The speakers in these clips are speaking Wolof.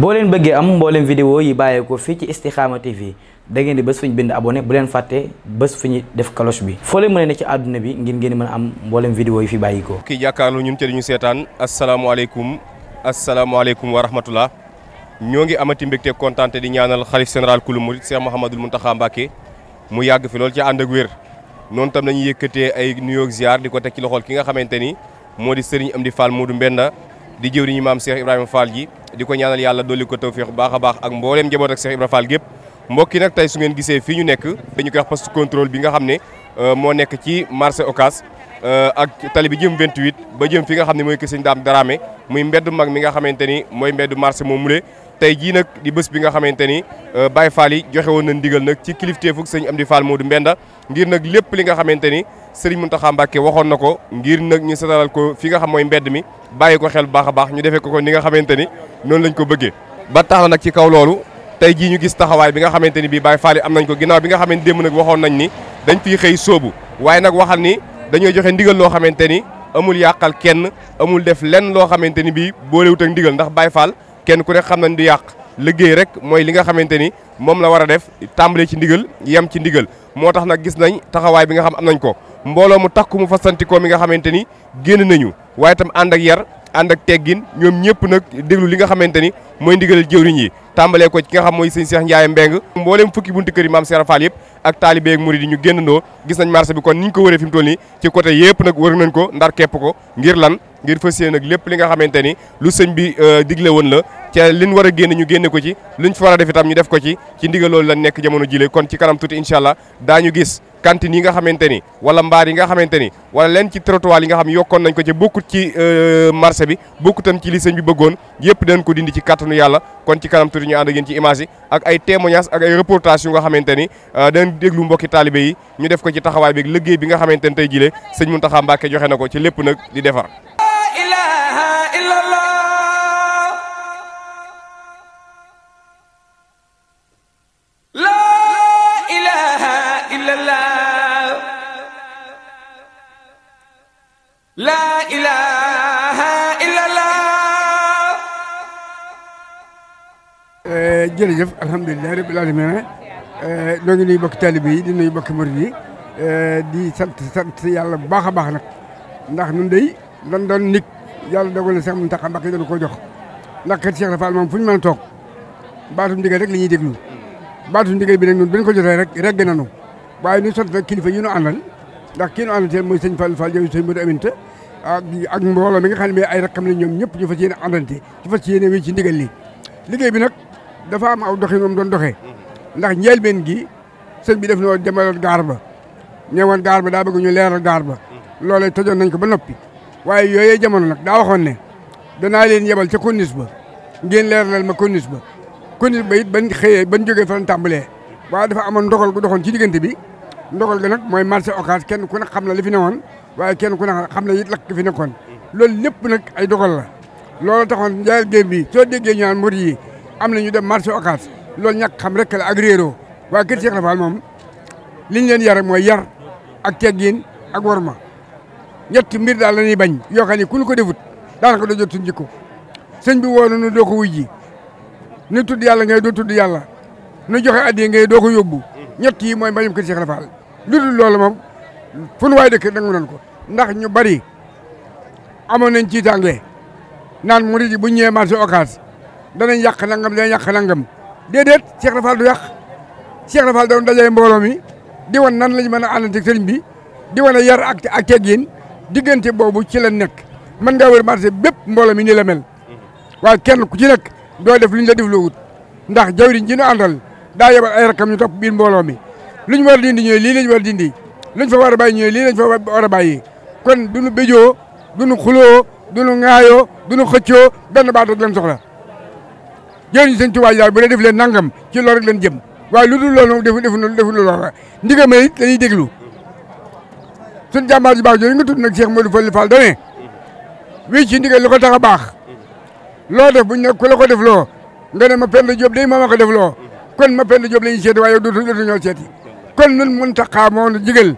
boo leen bëggee am mbooleem vidéo yi bàyyeekoo fii ci Istikhama TV da ngeen di bés fu ñu bind abonné bu leen fàtte bés fu ñu def cloche bi foo leen mën a ne ci àdduna bi ngir ngeen man am mbooleem vidéo yi fi bàyyikoo kii jàkkaarlu ñun te duñu seetaan asalaamaaleykum asalaamaaleykum wa rahmatullah ñoo ngi amati mbégte kontaan te di ñaanal xalif général kulu murid Cheikh Mouhamadoul Mountakha Mbacké mu yàgg fi loolu ci ànd ak wér noonu tam nañu yëkkatee ay nuyoo ak di ko teg ci loxol ki nga xamante ni moo di sëriñ Amdi Fall Modou Mbenda di jëwriñu maam Cheikh Ibrahima Fall ji di ko ñaanal yàlla dolli ko tawféex bu baax a baax ak mbooleem njaboot ak Cheikh Ibra Fall gépp mbokk nag tey su ngeen gisee fii ñu nekk dañu koy wax poste contrôle bi nga xam ne euh, moo nekk ci marché Ocass euh, ak tali bi jëm 28 ba jëm fi nga xam ne mooy kër Sëñ Daam Daraame muy mbeddu mag mi nga xamante ni mooy mbeddu marché moo mule tey jii nag di bës bi nga xamante ni euh, Baye Fall yi joxe woon na ndigal nag ci kilifteefug sëñ Amdi Fall Modou Mbenda ngir nag lépp li nga xamante ni Serigne mun Mbacké waxoon na ko ngir nag ñu setalal ko fi nga xam mooy mbedd mi bàyyi ko xel bu baax a ñu defee ko ko ni nga xamante ni noonu lañ ko bëggee. ba tax na nag ci kaw loolu tey jii ñu gis taxawaay bi nga xamante ni bii Baye Fall am nañ ko ginnaaw bi nga xamante démb nag waxoon nañ ni dañ fiy xëy sóobu waaye nag waxal ni dañoo joxe ndigal loo xamante ni amul yàqal kenn amul def lenn loo xamante ni bii boolewut ak ndigal ndax Baye Fall kenn ku ne xam nañ di yàq liggéey rek mooy li nga xamante ni moom la war a def tàmbalee ci ndigal yem ci moo tax nag gis nañ taxawaay bi nga xam am nañ ko mbooloo mu takku mu fasantikoo mi nga xamante ni génn nañu waaye itam ànd ak yar ànd ak teggin ñoom ñëpp nag déglu li nga xamante ni mooy ndigalal jëwriñ yi tàmbalee ko ci nga xam mooy sëñ Cheikh Ndiaye Mbeng mbooleem fukki buntu kër yi maam Seera Fall yëpp ak taalibe ak murid génnandoo gis nañ marché bi kon niñ ko wëree fi mu toll nii ci côté yëpp nag wër nañ ko ndar képp ko ngir lan ngir fas nag lépp li nga xamante ni lu sëñ bi euh, digle woon la ca liñ war a génn ñu génne ko ci luñ fi war a def ñu def ko ci ci ndigal la nekk jamono jile kon ci kanam tuuti incha allah daañu gis cantine yi nga xamante ni wala mbaar yi nga xamante ni wala leen ci trottoir li nga xam yokkoon nañ ko ci bokkut ci euh, marché bi bokkutam ci li sëñ bi bëggoon yëpp dañ ko dindi ci kàttanu yàlla kon ci kanam tuuti ñu ànd ak yéen ci image yi ay témoignages ay reportages nga xamante ni euh, dañ déglu mbokki taalibe yi ñu def ko ci taxawaay bi léggéey bi nga xamante ni tey jile sëñ Mountakha Mbacké joxe na ko ci lépp nag di defar jërëjëf alhamdulilah rabbil alamin ñoo eh, ngi nuyu bokk taalibe yi di nuyu bokk murid yi eh, di sant sant yàlla bu baax a baax nag ndax nun day lan doon nit yàlla dogal na sax mun tax mbàkk yi doon koo jox ndax kat Cheikh Rafal moom fu ñu mën a toog baatu ndigal rek la ñuy déglu baatu ndigal bi nag ñun buñ ko jotee rek regg nañu waaye ñu sant nag kilifa yi ñu àndal ndax kii ñu àndal teel mooy sëñ Fall Fall yow sëñ Modou Aminta ak mbooloo mi nga xam ne ay ñëpp ñu fas yéene àndante ñu fas yéene wéy ci ndigal li liggéey bi nag dafa am aw doxin moom doon doxee ndax njëlbeen gi sëñ bi def na noo demaloon gaar ba ñëwoon gaar ba daa bëgg ñu leeral gaar ba loolee tojoon nañ ko ba noppi waaye yooyee jamono nag daa waxoon ne danaa leen yebal ca konnis ba ngeen leeralal ma konnis ba konnis ba it ban xëyee ban jógee fa lañ tàmbalee waaye dafa amoon ndogal gu doxoon ci diggante bi ndogal ga nag mooy marché occas kenn ku ne xam na li fi newoon waaye kenn ku ne xam na it lakk fi nekkoon loolu lépp nag ay dogal la loolu taxoon njaal géen bi soo déggee am na ñu dem marché okaas loolu ñàkk xam rek la ak réeroo kër Cheikh Rafal moom liñ leen yar mooy yar ak teggin ak worma ñetti mbir daal la ñuy bañ yoo xam ne ko defut daanaka doo jot jikko sëñ bi woo nañu doo ko nu tudd yàlla ngay doo tudd yàlla nu joxe addiya ngay doo ko yóbbu ñett yi mooy mbañum kër Cheikh Rafal lu dul loolu moom fu nu waay dëkk nangu ko ndax ñu bari amoon nañ ciitànge naan murid yi bu ñëwee marché Ocass danañ yàq nangam danañ yàq nangam déedéet Cheikh Rafal du yàq Cheikh Rafal doon dajale mbooloo mi di wan nan lañ mën a àndanteeg sëriñ bi di wan a yar ak ak teggin diggante boobu ci la nekk mën ngaa wër marché bépp mbooloo mi nii la mel waaye kenn ku ci nekk doo def lu ñu la defloowut ndax jawriñ ji ñu àndal daa a ay rakam ñu topp biir mbooloo mi lu ñu war a dindi ñooy lii lañ war a dindi luñ fa war a bàyyi ñooy li lañ fa war a bàyyi kon duñu nu duñu xuloo duñu ŋaayoo duñu xëccoo benn baat rek lañ soxla jëriñ sëñ Tuubaa daal bu dee def leen nangam ci loolu rek leen jëm waaye lu dul loolu defu defu defu loola ndigam it dañuy déglu suñ jàmbaar ji baax jooju nga tudd nag Cheikh Modou Fall Fall dane wii ci ndigal lu ko tax a baax loo def buñ ne ku la ko def loo nga ne ma Penda Diop day moom a ko def loo kon ma Penda Diop la ñuy waaye yow dootu dootu ñoo seeti kon nun mun taqaa moo jigal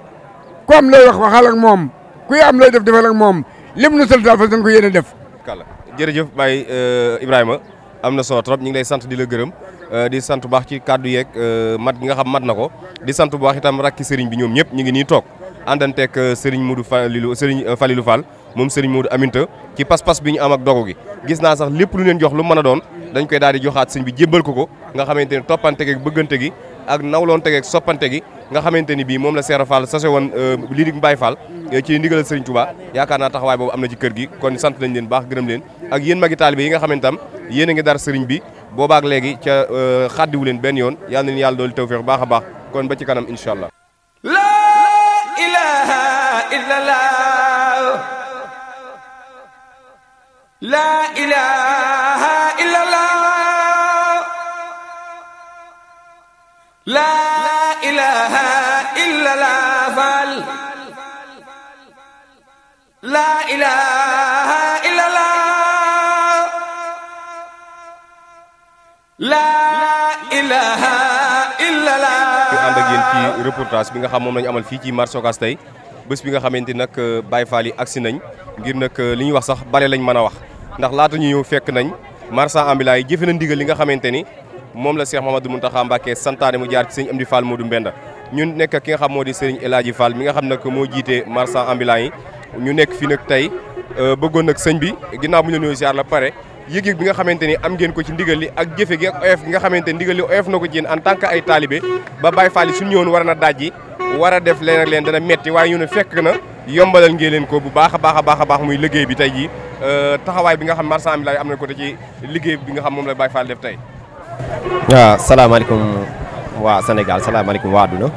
ku am looy wax waxal moom kuy am looy def defal moom lépp nu sal daal fas dañ ko yéene def kàlla jërëjëf Baye euh, Ibrahima am na solo trop ñu ngi lay sant di la gërëm euh, di sant bu baax ci kàddu yeeg euh, mat gi nga xam mat na ko di sant bu baax itam rakki sëriñ bi ñoom ñëpp ñu ngi nii toog àndanteeg euh, sëriñ Modou Falilou sëriñ Falilou Fall moom sëriñ du Aminta ci pas-pas bi ñu am ak dogu gi gis naa sax lépp lu leen jox lu mën a doon dañ koy daal di joxaat sëñ bi jébbal ko ko nga xamante ne toppante gi bëggante gi ak nawloon tegeeg soppante gi nga xamante ni bii moom la Seera Fall sase woon euh, lii di Mbaye Fall euh, ci ndigalal Serigne Touba yaakaar naa taxawaay boobu am na ci kër gi kon sant nañ leen baax gërëm leen ak yéen magi taalibe yi nga xamante am yéen a ngi dar Serigne bi boobaak léegi ca euh, xàddiwu leen benn yoon yal na yàlla doolu tawféex baax a baax kon ba ci kanam incha allah la laa ilaaha illa laa ilaaha illa laa ilaaha illa laa ñu ànd ak yéen ci reportage bi nga xam moom la amal fii ci marché Ocass bés bi nga xamante nag euh, Baye Fall yi agsi nañ ngir nag euh, li ñuy wax sax bale lañ mën a wax ndax laata ñu ñëw fekk nañ marchand ambulant yi jëfe na ndigal li nga xamante ni moom la Cheikh Mamadou Mountakha Mbacké santaane mu jaar ci sëñ Amdi Fall Modou Mbenda ñun nekk ki nga xam moo di sëriñ El Hadji Fall mi nga xam nag moo jiite marchand ambulant ñu nekk fi nag tey euh, bëggoon nag sëñ bi ginnaaw bu ñu nuyu ziar la pare yëg-yëg bi nga xamante ni am ngeen ko ci ndigal li ak jëfe gi oyof gi nga xamante ni ndigal li oyof na ko ci yéen en tant que ay taalibe ba Baye Fall yi suñu war na daaj yi war a def leen ak leen dana metti waaye ñu ne fekk na yombalal leen ko bu baax a baax a baax a baax muy liggéey bi tey jii euh, taxawaay bi nga xam marchand ambulant am na ko te liggéey bi nga xam moom la Baye Fall def tey waa salaamaaleykum waa Sénégal salaamaaleykum waa àdduna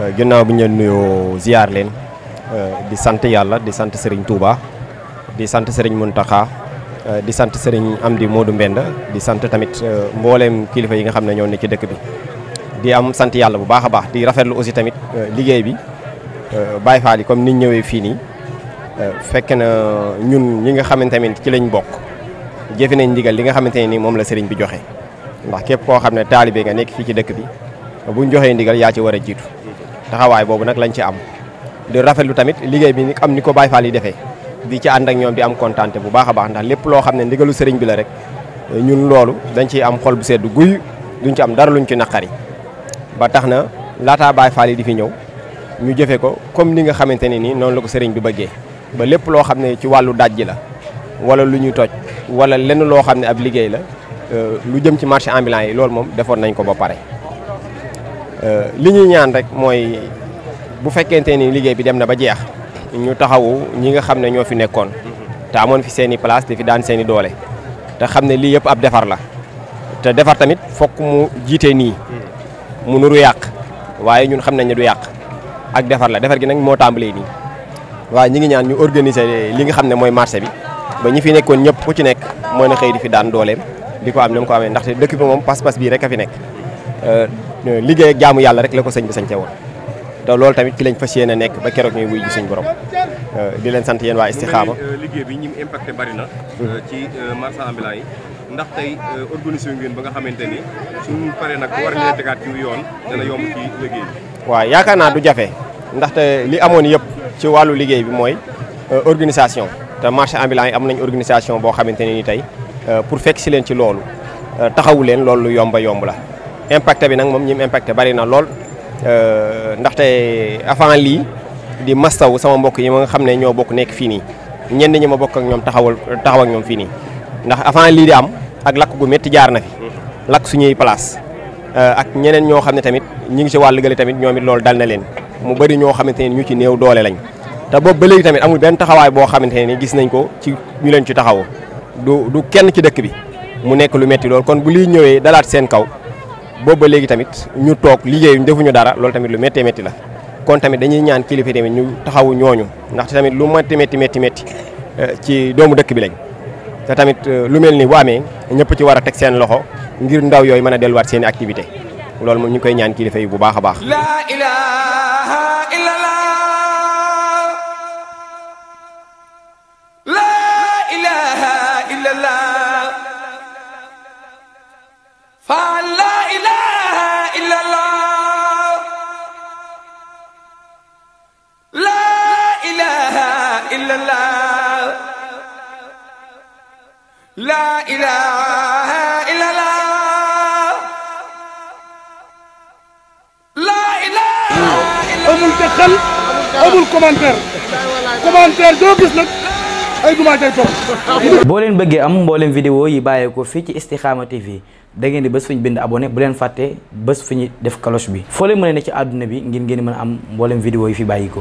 euh, ginnaaw bi ñu leen nuyoo ziar leen euh, di sant yàlla di sant sëriñ Touba di sant sëriñ Serigne taxaa euh, di sant sëriñ Serigne Amdi Modou mbend di sant tamit mbooleem kilifa yi nga xam ne ñoo ne ci dëkk bi. di am sant yàlla bu baax a baax di rafetlu aussi tamit liggéey bi Baye Fall yi comme ni ñëwee fii nii fekk na ñun ñi nga xamante ne ci lañ bokk jëfe nañ ndigal li nga xamante ne ni moom la Serigne bi joxe. ndax képp koo xam ne taalibe nga nekk fii ci dëkk bi buñ joxee ndigal yaa ci war a jiitu taxawaay boobu nag lañ ci am di rafetlu tamit liggéey bi ni am ni ko Baye Fall yi defee di ci ànd ñoom di am kontaante bu baax a baax ndax lépp loo xam ne ndigalu sëriñ bi la rek ñun loolu dañ ciy am xol bu sedd guy duñ ci am dara luñ ci naqari ba tax na laataa Baye Fall yi di fi ñëw ñu jëfe ko comme ni nga xamante ne ni noonu la ko sëriñ bi bëggee ba lépp loo xam ne ci wàllu daj ji la wala lu ñuy toj wala lenn loo xam ne ab liggéey la Euh, lu jëm ci marché ambulant yi loolu moom defoon nañ ko ba pare euh, li ñuy ñaan rek mooy bu fekkente ni liggéey bi dem na ba jeex ñu taxawu ñi nga xam ne ñoo fi nekkoon te amoon fi seen i place te fi daan seeni doole te xam ne lii yëpp ab defar la te defar tamit fokk mu jiite nii mu nuru yàq waaye ñun xam nañ ne du yàq ak defar la defar gi nag moo tàmbalee nii waaye ñi ngi ñaan ñu organiser li nga xam ne mooy marché bi ba ñu fi nekkoon ñëpp ku ci nekk mën a xëy di fi daan dooleem di ko am ni mu ko amee ndaxte dëkk bi moom pas-pas bii rek a fi nekk euh, liggéey ak jaamu yàlla rek la ko sëñ bi sañce woon te loolu tamit ci lañ fas yéene nekk ba keroog ñuy wuy ji borom euh, di leen sant yéen waa istixaaba euh, liggéey bi ñi mu impacté na mm-hmm. ci marchands ambulants yi ndax tey ba nga xamante ni suñu yoon dana yaakaar naa du jafe ndaxte li amoon yëpp ci wàllu liggéey bi mooy organisation te marché ambulant yi am nañ organisation boo xamante ne ni tey Euh, pour fekk si leen ci loolu euh, taxawu leen loolu lu yomba yomb la impacte bi nag moom ñi mu impacté bari na lool euh, ndaxte avant lii di mastaw sama mbokk yi ma nga xam ne ñoo bokk nekk fii nii ñenn ñi ma bokk ak ñoom taxawal taxaw ak fii nii ndax avant lii di am ak lakk gu métti jaar na fi lakk suñuy place ak ñeneen ñoo xam ne tamit ñi ngi ci wàllu gële tamit ñoom it loolu dal na leen mu bëri ñoo xamante ne ñu ci néew doole lañ te boobu ba léegi tamit amul benn taxawaay boo xamante ne gis nañ ko ci ñu leen ci taxawoo du du kenn ci dëkk bi mu nekk lu metti loolu kon bu liy ñëwee dalaat seen kaw boobu ba léegi tamit ñu toog liggéeyuñ defuñu dara loolu tamit lu méttee métti la kon tamit dañuy ñaan kilifa tamit ñu taxawu ñooñu ndaxte tamit lu métti eh, ci doomu dëkk bi lañ te tamit eh, lu mel ni waamee amee ñëpp ci war a teg seen loxo ngir ndaw yooyu mën a delluwaat seen activité loolu moom ñu koy ñaan kilifa yi bu baax a baax fa la ilaha illa allah la ilaha illa allah la ilaha illa allah la ilaha amul taxal amul commentaire commentaire doo gis nag ay boo leen bëggee am mboolem vidéo yi bàyyeekoo fii ci Istikhama TV da ngeen di bés fu ñu bind abone bu leen fàttee bés fu ñu def cloche bi foo leen mën ne ci àdduna bi ngir ngeen mën am mboolem vidéo yi fi bàyyeekoo.